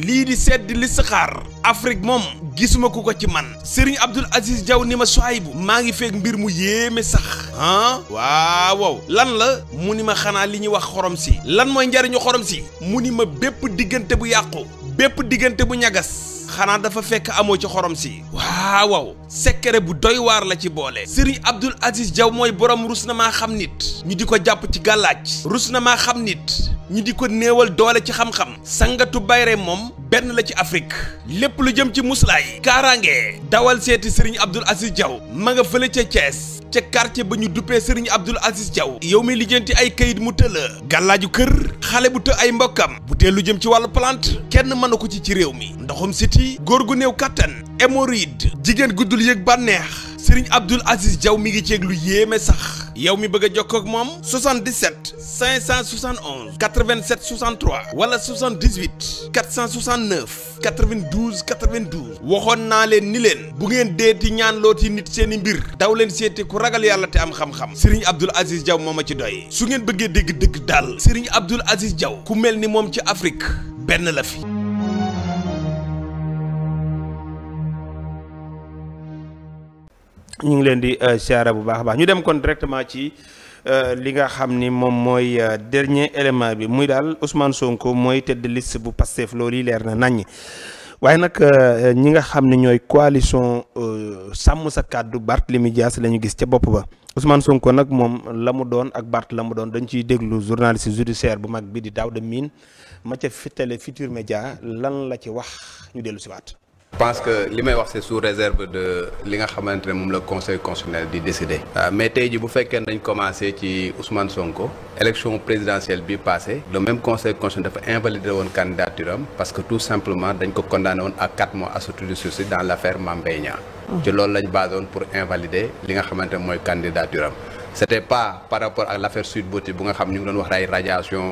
lii di sedd li saxaar Afrique moom gisuma ku ko ci man Serigne Abdoul Aziz Diaw ni ma bu maa ngi feeg mbir mu yéeme sax ah waaw lan la mu ni ma xanaa li ñuy wax xorom si lan mooy njariñu xorom si mu ni ma bépp diggante bu yàqu bépp diggante bu ñagas xanaa dafa fekk amoo ci xorom si waaw waaw secret bu doy waar la ci boole Serigne Abdoul Aziz Diaw mooy borom rus na maa xam nit ñu di ko jàpp ci gàllaaj rus na maa xam nit ñu di ko néewal doole ci xam-xam sangatu bayre moom benn la ci Afrique lépp lu jëm ci muslaay kaaraange dawal seeti Serigne Abdoul Aziz Diaw ma nga fële ca cees ca quartier ba ñu duppee Serigne Abdoul Aziz Diaw yow mi lijjanti ay kayit mu tëla gàllaaju kër xale bu të ay mbokkam bu lu jëm ci wàllu plante kenn mënu ko ci ci réew mi ci góor gu néew kattan hémorroïde jigéen guddul yëg bànneex Sëriñ Abdul Aziz jaw mi ngi ceeg lu yéeme sax yow mi bëgg a jokkoo ak moom 77 571 87 wala 78 469 92 92 waxoon naa leen ni leen bu ngeen deeti ñaan looti nit seeni mbir daw leen seeti ku ragal yàlla te am xam-xam Sëriñ Abdul Aziz jaw moom ma ci doy su ngeen bëggee dégg dëgg daal Sëriñ Abdul Aziz Diaw ku mel ni moom ci Afrique benn la fi. ñu ngi leen di siyaara euh, bu baax a baax ñu dem kon directement ci euh, li nga xam ni moom mooy euh, dernier élément bi muy daal Ousmane Sonko mooy tête de liste bu Pastef loolu yi leer na naññ waaye nag ñi nga xam ne ñooy coalition sàmm sa kàddu Barthélémy Dias la ñu gis ca bopp ba Ousmane Sonko nag moom la mu doon ak Bart la mu doon dañu ciy déglu journaliste judiciaire bu mag bi di Daouda Mine ma ca Télé Futurs Médias lan la ci wax ñu dellu si waat pense que li may wax c'est sous réserve de li nga xamante ne moom la conseil constitutionnel di décider. Ah, mais tey ji bu fekkee nañ commencé ci Ousmane Sonko. élection présidentielle bi passé le même conseil constitutionnel dafa invalidé woon candidature am parce que tout simplement dañ ko condamné woon à quatre mois assorti de sursis dans l' affaire Mame mm. ci loolu lañ basé woon pour invalider li nga xamante ne mooy candidature am. c'était pas par rapport ak l'affaire Sweet Beauté bu nga xam ñu ngi doon wax ay radiation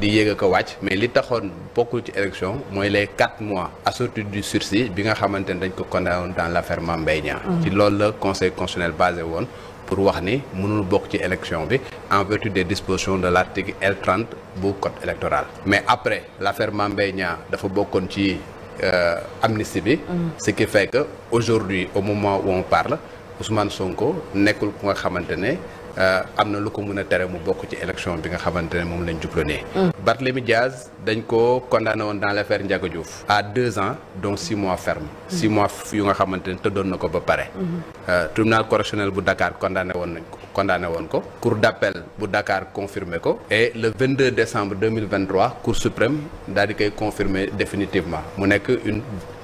di yéeg a ko wàcc mais li taxoon bokkul ci élection mooy les quatre mois assorti du sursis bi nga xamante ne dañ ko condamné dans l'affaire Mame Mbaye Niang mm. ci loolu la conseil constitutionnel basé woon pour wax ni mënul bokk ci élection bi en vertu des dispositions de l'article L30 bu code électoral mais après l'affaire Mame Mbaye Niang dafa bokkoon ci euh, amnistie bi mm. ce qui fait que aujourd'hui au moment où on parle Ousmane Sonko nekkul ku nga xamante ne Euh, am na lu ko mën a tere mu bokk ci élection bi nga xamante ne moom lañ jublonee mm. Barthélémy Diaz dañ ko condamné woon dans l'affaire Ndiaga Diouf à deux ans dont six mois ferme mm. six mois yu nga xamante ne tëddoon na ko ba pare mm-hmm. euh, tribunal correctionnel bu Dakar kondaane woon nañ ko condamné woon ko cour d'appel bu Dakar confirmé ko et le 22 décembre 2023 cour suprême daal di koy confirmer définitivement mu nekk une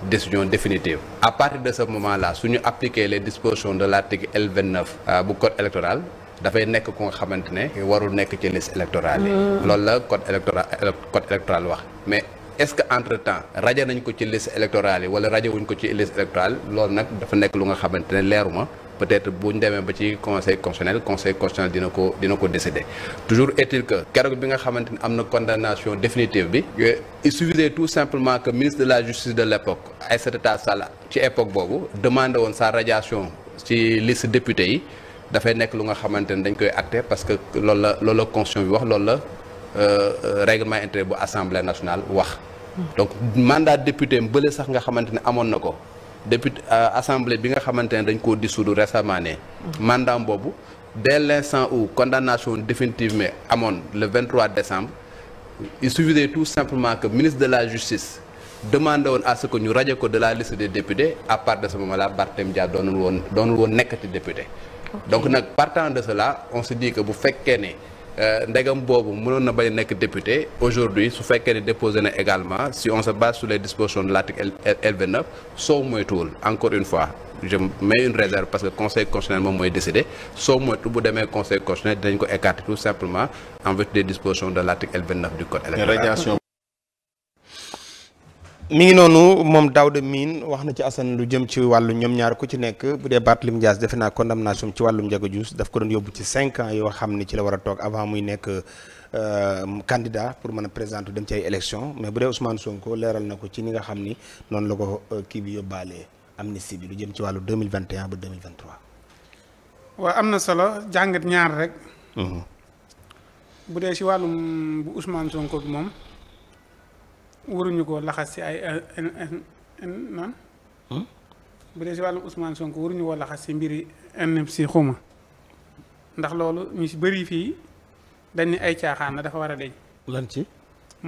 décision définitive à partir de ce moment là suñu appliquer les dispositions de l'article L29 euh, bu code électoral dafay nekk ku nga xamante ne warul nekk ci liste électorale yi mm. loolu la code électoral code électoral wax mais est-ce que entre temps rajo nañ ko ci liste électorale yi wala rajo wuñ ko ci liste électorale lool nag dafa nekk lu nga xamante ne leeruma peut-être bu ñu demee ba ci conseil constitutionnel conseil constitutionnel dina ko dina ko décider toujours est-il que keroog bi nga xamante ni am na condamnation définitive bi il suffisait tout simplement que ministre de la justice de l'époque Aïssata Tall Sall ci boobu demandé woon sa radiation ci liste député yi dafay nekk lu nga xamante ne dañ koy acté parce que lool la lool la constitution bi wax loolu la euh, euh, règlement intérieur bu assemblée nationale wax. donc mandat député bële sax nga xamante ne amoon na ko député euh, assemblée bi nga xamante ne dañ koo dissoudre récemment ne. mandat boobu dès l'instant où condamnation définitive mais amoon le 23 décembre. il suffisait tout simplement que ministre de la justice demandé woon à ce que ñu rajo ko de la liste des députés à partir de ce moment là Barthélemy Dias doonul woon doonul woon nekkati député donc nag partant de cela on se dit que bu fekkee ne euh, ndegam boobu mënoon na bañ nekk député aujourd'hui su fekkee ne déposé na également si on se base sur les dispositions de l'article L29 soo moytuwul encore une fois je mets une réserve parce que conseil constitutionnel moom mooy décidé soo moytu bu demee conseil constitutionnel dinañ ko écarter tout simplement en vertu des dispositions de l'article L29 du code électoral mi ngi noonu moom Daouda Mine wax na ci Assane lu jëm ci wàllu ñoom ñaar ku ci nekk bu dee Barthélémy Dias defe naa condamnation ci wàllum Ndiaga Diouf daf ko doon yóbbu ci cinq ans yoo xam ni ci la war a toog avant muy nekk euh, candidat pour mën a présenter dem ci ay élection mais bu dee Ousmane Sonko leeral na ko ci ni nga xam ni noonu la ko euh, kii bi yóbbaale yóbbaalee amnistie bi lu jëm ci wàllu 2021 ba 2023. waaw am na solo jàngat ñaar rek. Mm-hmm. bu dee si wàllum bu Ousmane Sonko bi moom. waruñu ko laxas si ay naan hmm? bu dee si wàllum Ousmane sonk waruñu ko laxas si mbiri NMC xuma ndax loolu ñu si bëri fii dañ ne ay caaxaan la dafa war a deñ lan ci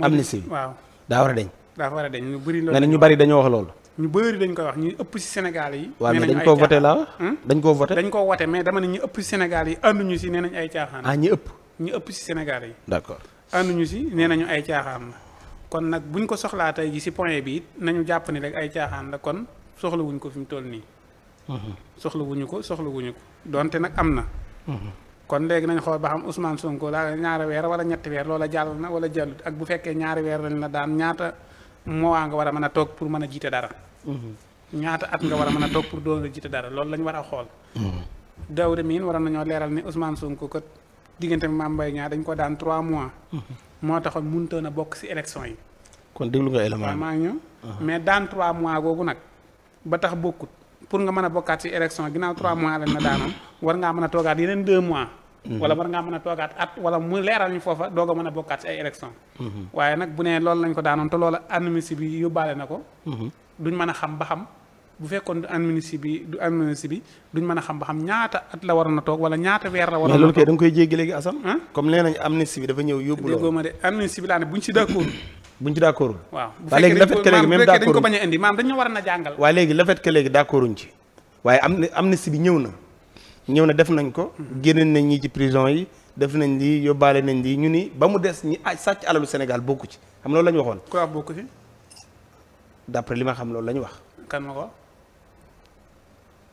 amnistie waaw daa war a deñ daa war a deñ ñu bëri nga ne ñu bëri dañoo wax loolu ñu bëri dañ ko wax ñu ëpp si Sénégal yi waaw mais dañ koo voté la hmm? dañ koo voté dañ koo voté mais dama ne ñu ëpp senegal Sénégal yi ànduñu si nee nañ ay caaxaan ah ñi ëpp ñu ëpp si Sénégal yi d'accord ànduñu si nee nañu ay caaxaan la kon nag buñ ko soxlaa tey ji si point bii nañu jàpp ni rek ay caaxaan la kon soxlawuñ ko fi mu toll nii. Mhm. soxlawuñu ko soxlawuñu ko donte nag am na. Mhm. kon léegi nañ xool ba xam Ousmane Sonko laa ñaari weer wala ñetti weer loola jàll na wala jàllut ak bu fekkee ñaari weer lañ la daan ñaata waa nga war a mën a toog pour mën a jiite dara. Mhm. ñaata at nga war a mën a toog pour doon jiite dara loolu lañ war a xool. Daouda miin waroon nañoo leeral ni diggante bi Mame Mbaye Niang dañ ko daan trois mois. moo taxoon mënutoon a bokk ci élection yi. kon déglu nga élément maa ngi ñëw mais daan trois mois googu nag ba tax bokkut pour nga mën a bokkaat ci élection ginnaaw trois mois lañ la daanoon war ngaa mën a toogaat yeneen deux mois. Mhm. wala war ngaa mën a toogaat at wala mu leeral ñu foofa doog a mën a bokkaat ci ay élection mhm. waaye nag bu ne loolu lañ ko daanoon te loolu anamisi bi yóbbaale na ko. Mhm. duñ mën a xam ba xam. bu fekkoon du amnistie bi du amnistie bi duñ mën a xam ba xam ñaata at la waroon a toog wala ñaata weer la. waroon a toog mais loolu koy jéggi léegi Assane. comme nee nañ amnistie bi dafa ñëw yóbbu loolu. déggoo ma de amnistie bi laa ne buñ ci d'accord. buñ ci d'accord. waaw bu fekkee ko maam bu fekkee dañ ko bañ a indi maam dañ ñu waroon a jàngal. waaye léegi le fait que léegi d'accorduñ ci waaye bi ñëw na ñëw na def nañ ko. Hmm. génne nañ ñii ci prison yi. def nañ lii yóbbaale nañ lii ñu ni ba mu des ñi ay ah, sàcc alalu Sénégal bokku ci xam loolu la ñu waxoon. ku wax bokku ci. d'après li ma xam loolu la ñu wax. kan ma ko.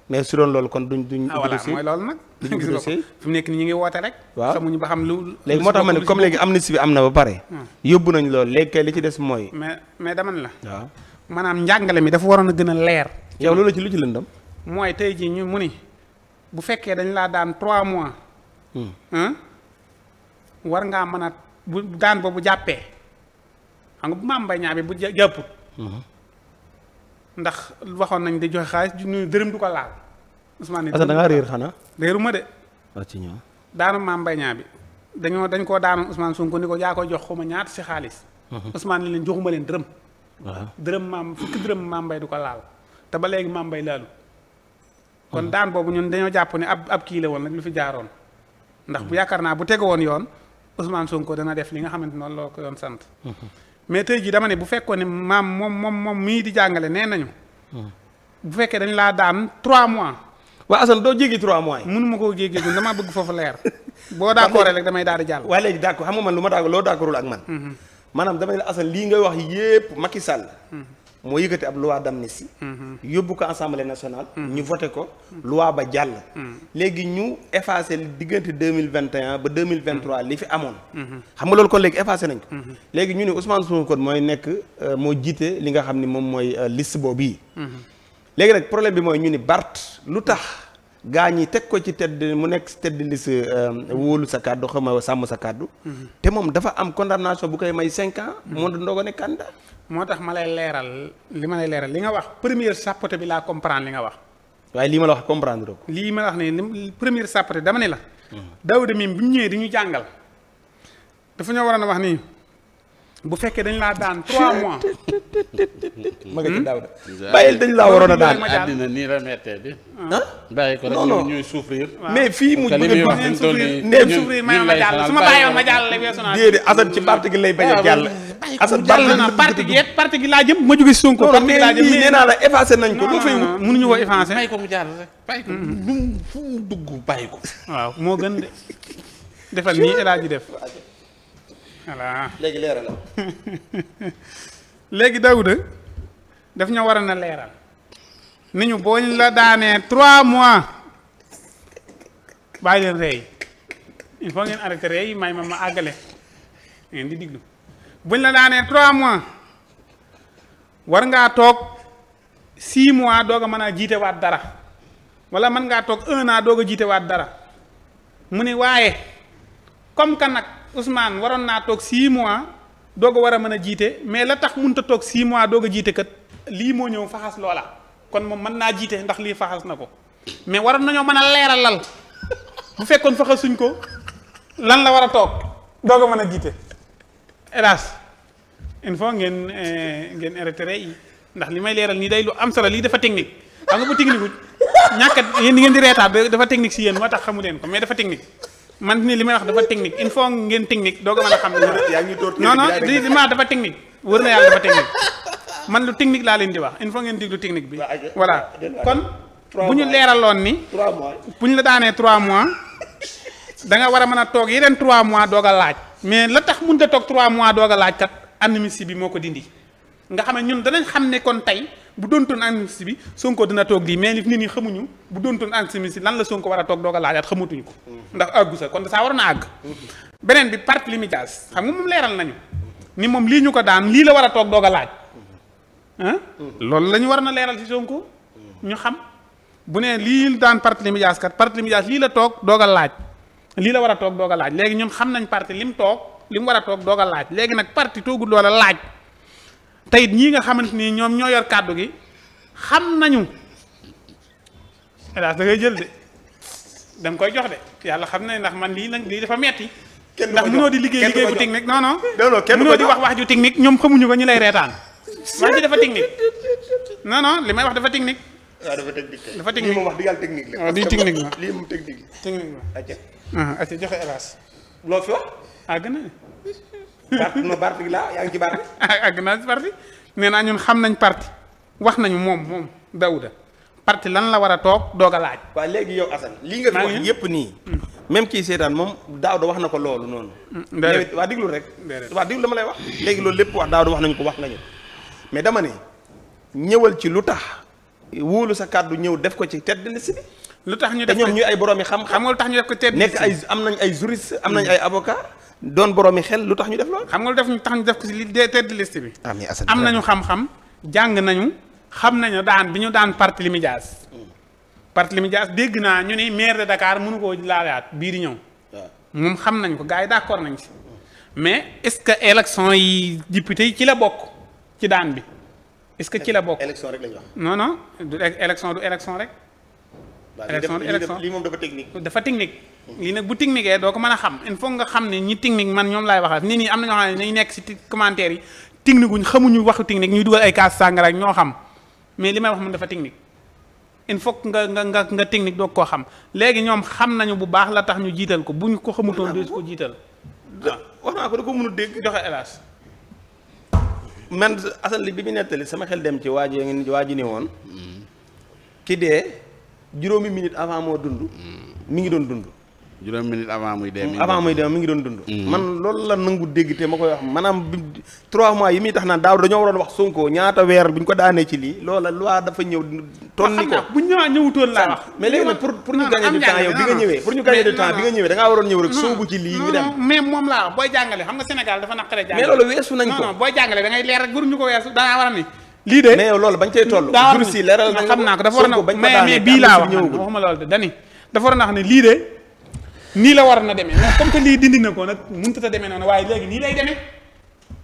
mais su doon loolu kon duñ duñ. ah voilà mooy loolu nag. fi mu nekk nii ñu ngi woote rek. waaw xamuñu ba xam lu. léegi moo tax ma ne comme léegi amnistie bi am na ba pare. Hmm. yóbbu nañ loolu léegi li ci des mooy. mais mais dama la. waaw maanaam njàngale mi dafa waroon a gën a leer. yow loolu ci lu ci lëndam. mooy tey jii ñu mu ni bu fekkee dañ laa daan trois mois. Hmm. war ngaa mën a bu daan boobu jàppee xam nga bu ma am mbay ñaa bi bu jàpput. Hmm. ndax waxoon nañ di joxe xaalis ju ñu dërëm du ko laal. Ousmane Assane da ngaa réer xanaa. réeruma de. waaw ci ñoom. daanu maam Mbaye bi dañoo dañ koo daanu Ousmane Sonko ni ko yaa koy jox xuma ñaata si xaalis. Mhm. Ousmane leen joxuma leen dërëm. waaw dërëm maam fukki dërëm maam Mbaye du ko laal te ba léegi maam Mbaye laalu. kon mhm. daan boobu ñun dañoo jàpp ne ab ab kii la woon rek lu fi jaaroon. ndax bu mhm. yaakaar naa bu tege woon yoon Ousmane Sonko dana def li nga xamante noon loo ko yoon sant. mais tey jii dama ne bu fekkoon ne maam moom moom moom mii di jàngale nee nañu. Hmm. bu fekkee dañ laa daan trois mois. waa Assane doo jéggi trois mois yi. mënuma koo jéggi gul damaa bëgg foofu leer. boo d'accord rek damay daal di jàll. waaye léegi d'accord xam nga man lu ma d'accord loo d'accordul ak man. Hmm. maanaam damay la Assane lii ngay wax yépp Macky Sall. Hmm. moo yëkkati ab loi d'amnistie mm-hmm. yóbbu ko assemblée national mm-hmm. ñu voté ko loi ba jàll mm-hmm. léegi ñu effacé diggante deux mille vingt et ba deux mille vingt trois li fi amoon xam nga loolu kon léegi effacé nañ ko léegi ñu ne Ousmane Sonko mooy nekk euh, moo jiite li nga xam ni moom mooy euh, liste boobu yi léegi nag problème bi mooy ñu ni Bart lu tax gaa ñi teg ko ci tedd mu nekk tedd liste euh, wóolu sa kàddu xam nga sàmm sa kàddu. Mm-hmm. te moom dafa am condamnation bu koy may cinq ans. mu mm-hmm. ndogo ne candidat. moo tax ma lay leeral li ma lay leeral li nga wax première sapote bi laa comprendre li nga wax. waaye lii ma la wax comprendre lii ma la wax ne première sapote dama ne la. Mm-hmm. Daouda Mine bi mu ñëwee di ñu jàngal. dafa ñoo waroon a wax nii. bu fekkee dañ laa daan trois mois. ma nga ci daaw de. bàyyil dañ laa waroon a daan àddina nii la mettee di. ah bàyyi ko rek ñun ñuy souffrir. fii mu bëgg a dugg souffrir ma ma jàll su ma bàyyoon ma jàll la weesu naa. déedéet Assane ci parti gi lay bañ jàll. Assane jàll na parti gi laa jëm ma jóge Sonko. parti gi laa nee naa la effacé nañ ko. non non mënuñu ko effacé. bàyyi ko mu jàll rek bàyyi ko fu mu dugg bàyyi ko. waaw moo gën de defal nii El Hadj def voilà léegi leeralal. léegi daf ñu war a na leeral. ni ñu boo ñu la daanee trois mois bàyyi leen rey il faut ngeen arrêté rey yi may ma ma àggale ngeen di diglu buñ la daanee trois mois war ngaa toog six mois doog a mën a jiitewaat dara wala mën ngaa toog un an doog a jiitewaat dara mu ne waaye comme que nag. Ousmane waroon naa toog 6 mois doog a war a mën a jiite mais la tax mënut ta toog 6 mois doog a jiite kat lii moo ñëw faxas loola kon moom mën naa jiite ndax lii faxas na ko mais waroon nañoo mën a leeral leeralal bu fekkoon faxasuñ ko lan la war a toog doog a mën a jiite hélas il faut ngeen eh, ngeen arrêté yi ndax li may leeral nii day lu am solo lii dafa technique xam nga bu technique ñàkkat yéen di ngeen di reetaat dafa technique si yéen moo tax xamu leen ko dafa technique man ni li may wax dafa technique il ngeen technique doo ko mën a xam. yaa ngi door non non li dafa technique wër na yàlla dafa technique man lu technique laa leen di wax info faut ngeen déglu technique bi. voilà ah, kon. bu ñu leeraloon ni. 3 mois bu ñu la daanee trois mois. da nga war a mën a toog yeneen trois mois doog a laaj. mais la tax mënut te toog 3 mois doog a laaj kat. amnistie bi moo ko dindi. nga xam ne ñun danañ xam ne kon tey. bu doontoon amnistie bi Sonko dina toog lii mais nit ñi xamuñu bu doontoon si lan la Sonko war a toog doog a laajaat xamatuñu ko ndax àggu sa kon saa war na àgg beneen bi Barthélémy Dias xam nga moom leeral nañu ni moom lii ñu ko daan lii la war a toog doog laaj loolu la ñu war na leeral ci Sonko ñu xam bu ne lii daan Barthélémy Dias kat Barthélémy Dias lii la toog doog laaj lii la war a toog doog laaj léegi ñun xam nañ parti lim toog lim war a toog doog laaj léegi nag parti toogul loola laaj te it ñii nga xamante ni ñoom ñoo yor kàddu gi xam nañu hélas da ngay jël de danga koy jox de yàlla xam na ndax man lii lañ lii dafa metti ndax mënoo di liggéey liggéey bu technique non non mënoo di wax wax ju technique ñoom xamuñu ko ñu lay reetaan wax ji dafa technique non li may wax dafa technique ah, dafa technique dafa technique wax dëgg yàlla technique la. waaw ah, lii technique la lii moom technique la. technique la. Ah, joxe hélas. loo fi wax. ah gën a. parti no parti laa yaa ngi ci parti. Ah, àgg naa ci xam nañ parti wax nañu moom moom Daouda parti lan la war a toog doog a laaj. waaw léegi yow Assane lii nga fi wax yépp nii. Hmm. même kii seetaan moom Daouda wax na ko loolu noonu. Hmm, déedéet waa diglu rek. déedéet waa diglu dama lay wax. léegi loolu lépp wax Daouda wax nañu ko wax nga ñu mais dama ne ñëwal ci lu tax wóolu sa kàddu ñëw def ko ci tedd liste bi. lu tax ñu def ko te ñoom ñuy ay borom yi xam-xam. xam lu tax ñu def ko tedd liste nekk ay am nañ ay juriste am nañ hmm. ay avocat doon boroomi xel lu tax ñu def lool xam nga lu def ñu tax ñu def ko ci li tête de liste bi. Ah, am nañu xam-xam jàng nañu xam nañu daan bi ñu daan Barthélémy Dias. Hmm. Barthélémy Dias dégg naa ñu ni maire de Dakar mënu koo laalaat bii di ñëw. moom xam nañ ko gars yi d'accord nañ ci. mais est-ce que élection yi député ci la bokk ci daan bi. est-ce que ci la bokk élection rek lañu wax. non du élection du élection rek. élection du élection lii moom dafa technique. dafa technique. lii nag bu technique doo ko mën a xam il faut nga xam ne ñi technique man ñoom lay waxal nit ñi am na ñoo xam ne dañuy nekk si commentaire yi technique guñ xamuñu waxu technique ñuy dugal ay kaas sàngara ñoo xam mais li may wax mun dafa technique il faut nga nga nga nga technique doog koo xam léegi ñoom xam nañu bu baax la tax ñu jiital ko bu buñ ko xamutoon du ko jiital wax naa ko da ko mënu dégg joxe hélas man asal li bi mu nettali sama xel dem ci waa ji waa ji ni woon mm-hmm. ki dee juróomi avant moo dund mm-hmm. mi ngi doon dund juróom minute avant muy dee. avant ngi doon dund. Mm. man loolu la nangu dégg te ma koy wax maanaam bi trois mois yi muy tax naan daaw dañoo waroon wax Sonko ci lii mais du temps yow bi nga ñëwee pour ñu gagner du temps bi nga moom laa wax booy jàngale xam nga Sénégal dafa naqaree jàngale. mais loolu weesu nañ ko booy jàngale da leer rek waruñu ko weesu danaa war a ni lii de mais yow loolu bañ cay toll jur si leeral xam naa ko dafa war a mais mais bii laa wax waxuma loolu de dani dafa war lii de nii la waroon na demee mais comme que lii dindi na ko nag mënut a demee noonu waaye léegi nii lay demee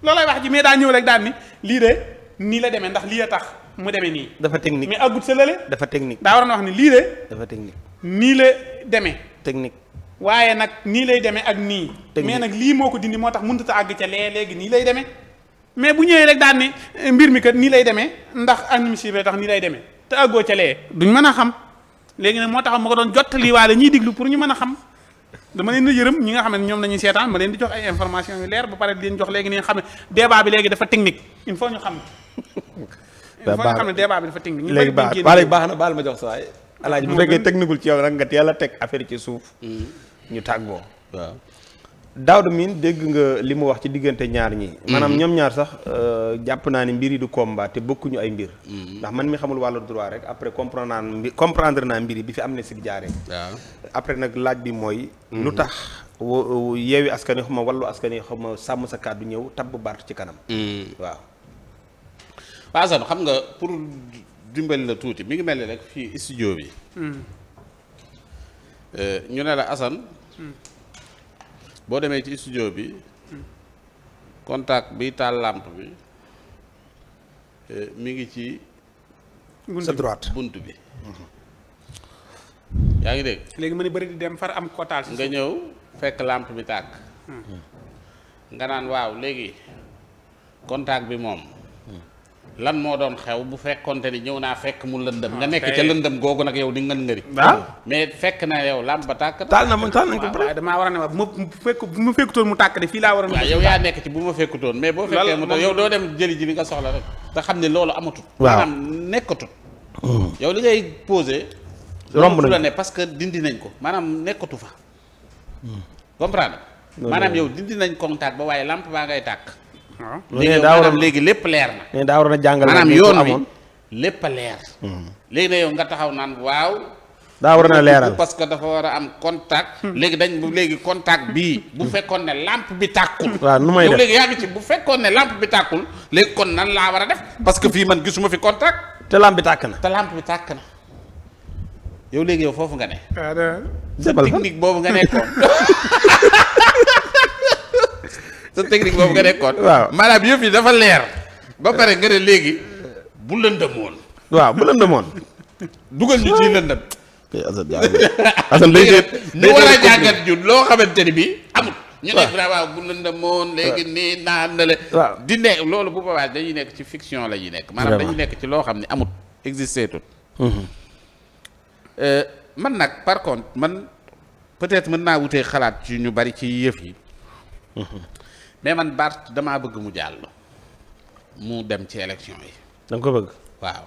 loolay wax ji mais daa ñëw rek daan ni lii de nii la demee ndax tax mu demee nii. dafa technique mais àggut sa lële. dafa technique daa waroon a lii de. dafa technique nii la demee. technique waaye nag nii lay demee ak nii. mais nag lii moo ko dindi moo tax mënut a àgg ca lee léegi nii lay demee. mais bu ñëwee rek daal ni mbir mi kat nii lay demee ndax administratif bi tax nii lay demee te àggoo ca lee duñ mën a xam léegi nag moo tax ma ko doon jottali waale ñuy diglu pour ñu mën a xam dama leen yërëm ñi nga xam ne ñoom nañuy seetaan ma leen di jox ay information yu leer ba pare di leen jox léegi ni nga xam ne débat bi léegi dafa technique il faut ñu xam il faut ñu xam ne débat bi dafa technique léegi baax baax na baal ma jox sa waay alaaji bu fekkee technique ci yow nag nga teel a teg affaire ci suuf hmm. ñu tàggoo waaw Daouda miin dégg nga li mu wax ci diggante ñaar ñi. Mhm. maanaam ñoom ñaar sax euh, jàpp naa ne mbir yi du combat te bokkuñu ay mbir. Mhm. ndax man mi xamul wàllu droit rek après comprendre naa mbi comprendre naa mbir yi bi fi am na si jaaree. après nag laaj bi mooy. Mhm. lu tax yeewi askan wi xam ma wàllu askan wi xam ma sàmm sa kàddu ñëw tabb baat ci kanam. waaw. waaw Assane xam nga pour dimbali la tuuti mi ngi mel ni rek fii studio bi. Euh, ñu ne la Assane. boo demee ci studio bi contact bi taal làmp bi eh, mi ngi ci. sa droite bunt bi. Mm-hmm. yaa ngi dégg. léegi ma a bëri di dem far am kotaal. nga ñëw fekk làmp bi tàkk. Mm-hmm. nga naan waaw léegi contact bi moom. lan moo doon xew bu fekkonte ni ñëw naa fekk mu lëndëm nga ah, nekk ca lëndëm googu nag yow di ngën ngëri ah? hmm. mais fekk na yow làmp ba tàkk taal na ma taal nañ ko pare a ne bu fekk bu ma fekkutoon mu tàkk de fii laa war a nekk ci bu ma fekkutoon mais boo fekkee mu yow doo dem jëli ji li nga soxla rek te xam ne loolu amatut maanaam nekkatut hmm. yow li ngay posé romb la ne parce que dindi nañ ko maanaam nekkatu fa hmm. comprendre maanaam yow dindi nañ contact waaye làmp baa ngay tàkk léegi maanaam lépp leer na daa waroon a jàngal maanaam yoon wi lépp leer hmm. léegi na yow nga taxaw naan waaw daa war a leeral parce que dafa war a am contact. Hmm. léegi dañ bu léegi contact bii. bu hmm. fekkoon ne lampe bi tàkkul. nu may def léegi yaa bu fekkoon ne lampe bi tàkkul kon nan laa war a def parce que fii man gisuma fi contact. te lampe bi tàkk na. te lampe bi tàkk na yow léegi yow foofu nga ne. sa ah, technique boobu nga nekkoon. sa technique boobu nga nekkoon. waaw maanaam yëf yi dafa leer. ba pare nga ne léegi bu lëndëmoon. waaw bu lëndëmoon. dugal ñu ci lëndëm. Eh, Assane Assane day seet. ñu war a jàngat ñun loo xamante ni bii amul. ñu ne waaw bu lëndëmoon léegi nii naan na di ne loolu bu boobaa dañuy nekk ci fiction la ñuy nekk. maanaam dañuy nekk ci loo xam ne amut existé tout. Mm-hmm. Euh, man nag par contre man peut-être mën naa wutee xalaat ci ñu bari ci yëf yi. Mm-hmm. mais man Bart damaa bëgg mu jàll mu dem ci élection yi. da ko bëgg. waaw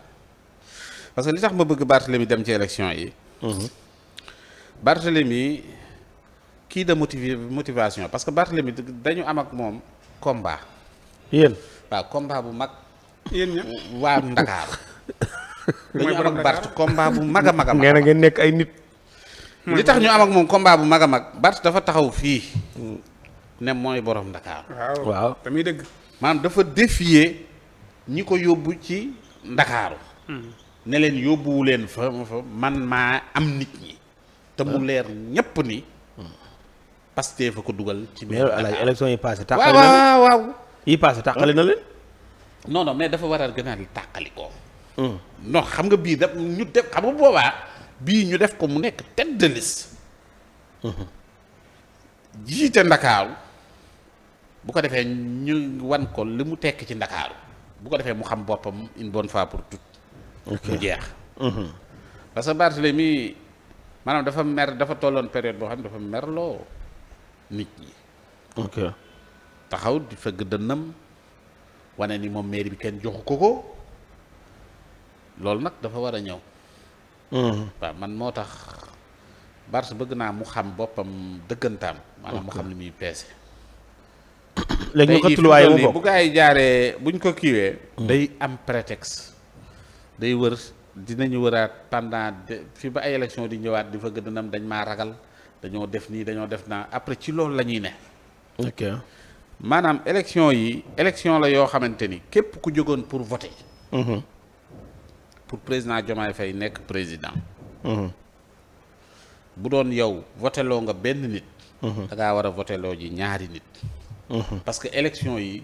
parce que li tax ma bëgg Barthélemy dem ci élection yi. Mhm. Barthélemy kii de motivé motivation parce que Barthélemy dañu am ak moom combat. yéen waaw combat bu mag. yéen ñëpp waa Ndakaar. dañu am ak Bart combat bu mag a mag a mag. nee na ngeen nekk ay nit. li tax ñu am ak moom combat bu mag a mag Bart dafa taxaw fii. Mm. ne mooy boroom Dakar. waaw waaw tamit dëgg. maanaam dafa défier ñi ko yóbbu ci ndakaaru hmm. ne leen yóbbuwu leen fa man maa am nit ñi. te mu hmm. leer ñëpp ni. Pastef fa ko dugal. ci biir Dakar élection yi passé tàqali na waaw leen. non non mais dafa war a gën a tàqali ko. Hmm. non xam nga bii daf ñu def xam nga boobaa bii ñu def ko mu nekk tête de liste. jiite ndakaaru bu ko defee ñu wan ko li mu tekk ci ndakaaru bu ko defee mu xam boppam un bon faa pour toutes mu jeex mhm. parce que Barthélemy maanaam dafa mer dafa tolloon période boo xam ne dafa merloo nit ñi ok taxaw di fëgg dënnam wane ni moom mairie bi kenn joxu ko ko loolu nag dafa war a ñëw mhm. waaw man moo tax Barth bëgg naa mu xam boppam dëggantaam maanaam mu xam li muy peese léegi ñu ko tuluwaay bu gaa yi jaaree buñ ko kiiwee. Hmm. day am prétexte. day wër dinañu wëraat pendant fi ba ay élection di ñëwaat di fa gën dañ maa ragal dañoo def nii dañoo def naa après ci loolu la ñuy ne. ok maanaam élection yi élection la yoo xamante ni képp ku jógoon pour voter. Hmm. pour président Diomaye Faye nekk président. Hmm. bu doon yow voteloo nga benn nit. da ngaa war a voteloo ji ñaari nit. Mhm. parce que élection yi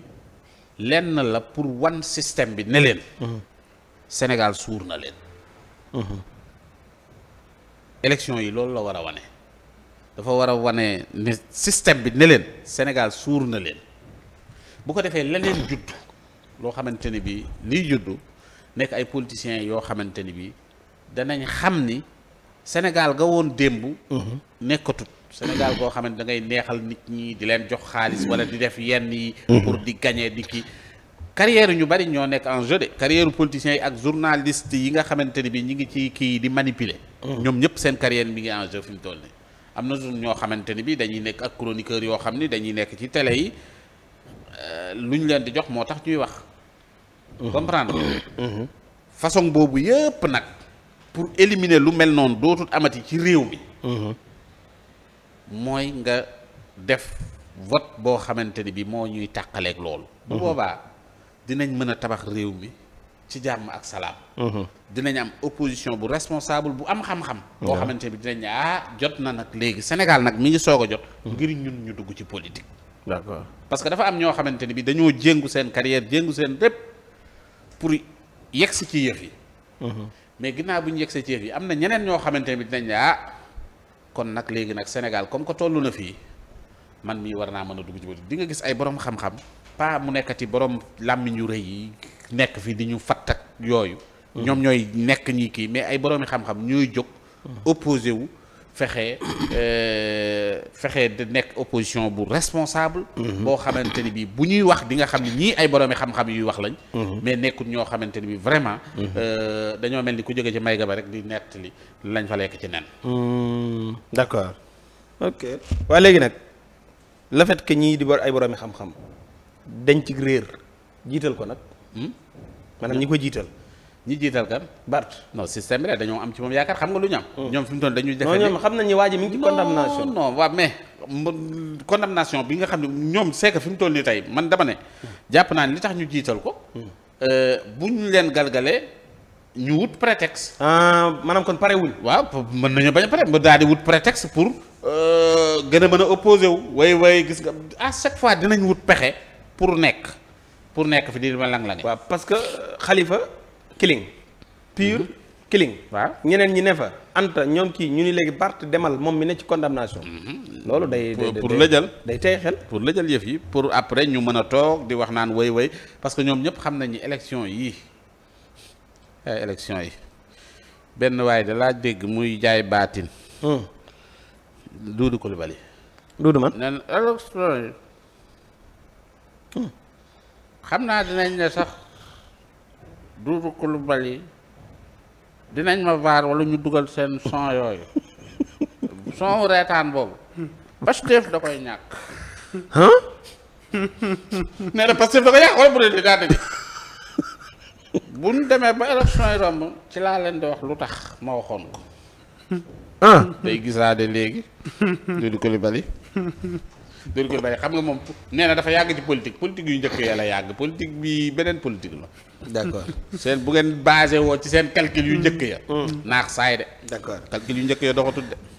lenn la pour wan système bi ne leen. Mhm. Sénégal suur na leen. Mhm. élection yi loolu la war a wane. dafa war a wane ne système bi ne leen Sénégal suur na leen bu ko defee leneen judd loo xamante ni bi liy juddu nekk ay politiciens yoo xamante ni bi danañ xam ni Sénégal ga woon démb. nekkatut. Sénégal goo xam ne dangay neexal nit ñi di leen jox xaalis wala di def yenn yi. Mm-hmm. pour di gagner di kii. carrière ñu bari ñoo nekk en jeu de carrière politiciens yi ak journaliste yi nga xamante ni bi ñi ngi ci kii di manipuler. Mm-hmm. ñoom ñëpp seen carrière mi ngi en jeu fi mu toll nii. am na ñoo xamante ni bi dañuy nekk ak chroniqueur yoo xam ni dañuy nekk ci télé yi euh, lu ñu leen di jox moo tax ñuy wax. Mm-hmm. comprendre façon boobu yëpp nag pour éliminer lu mel noonu dootul amati ci réew mi. mooy nga def vote boo xamante ni bi moo ñuy tàqaleeg loolu bu mhm. boobaa dinañ mën a tabax réew mi ci jàmm ak salaam mhm. dinañ am opposition bu responsable bu am xam-xam boo xamante ni bi dinañ ah jot na nag léegi Sénégal nag mi ngi soog a jot mhm. ngir ñun ñu dugg ci politique d'accord parce que dafa am ñoo xamante ni bi dañoo jéngu seen carrière jéngu seen lépp pour yegsi ci yëf yi mais ginnaaw buñ ñu yegsee ci yëf yi am na ñeneen ñoo xamante ni bi dinañ ah kon nag léegi nag Sénégal comme que tollu na fii man mii war naa mën a dugg ci di nga gis ay borom xam-xam pas mu nekkati borom làmmiñ yu rëy yi nekk fii di ñu fatt ak yooyu. Mm-hmm. ñoom ñooy nekk ñi kii mais ay boroomi xam-xam ñooy jóg. Mm-hmm. opposé wu fexe euh, fexe da nekk opposition bu responsable. Mhm. boo xamante ni bii bu ñuy wax di nga xam ne ñii ay boroomi xam-xam yuy wax lañ. Mhm. mais nekkut ñoo xamante ni bii vraiment. Mhm. Euh, dañoo mel ni ku jóge ci may gaba rek di nettali lañ fa lekk ci nen. Hmm, d'accord ok waaye léegi nag le fait que ñii di bor ay boroomi xam-xam dañ ci réer jiital ko nag. Hmm? maanaam ñi ko jiital. ñu jiital kan Bart non système bi dañoo am ci moom yaakaar xam nga lu ñu am. Oh. ñoom fi mu toll dañuy defee non ñoom xam nañu waa ji mi ngi condamnation. bi nga xam ne ñoom c'est que mu toll ni tey man dama ne. jàpp naa ne li tax ñu jiital ko. Hmm. Euh, bu ñu leen galgalee. ñu wut prétexte. Ah, maanaam kon pare wuñ. waaw mën nañu bañ a pare ba daal di wut prétexte pour euh, gën a mën a opposé wu. way way gis nga à chaque fois dinañ wut pexe pour nekk pour nekk fi di ma lang-lang. waaw parce que xalifa euh, killing pure mhm. killing waaw ñeneen ñi ne fa anta ñoom kii ñu ni léegi Bart demal moom mi ne ci condamnation mhm. loolu day pour lëjal day tey xel pour lëjal yëf yi pour après ñu mën a toog di wax naan woy way parce que ñoom ñëpp xam nañu élection yi ay élection yi benn waaye da laa dégg muy jaay baatin hmm. Doudou Coulibaly Doudou man nen élection yi xam naa dinañ ne sax Doudou Coulibaly dinañ ma vaar wala ñu dugal seen son yooyu son reetaan boobu Pastef da koy ñàkk. nee na Pastef da koy ñàkk wala bu dee daa dëgg bu ñu demee ba élection yi romb ci laa leen di wax lu tax ma waxoon ko. ah day gisaade léegi. Doudou Coulibaly. dóor bari xam nga moom nee na dafa yàgg ci politique politique yu njëkk ya la yàgg politique bi beneen politique la. d'accord seen bu ngeen basé woo ci seen calcul yu njëkk ya. Hmm. naax saay de. d'accord calcul yu njëkk ya doxatul de.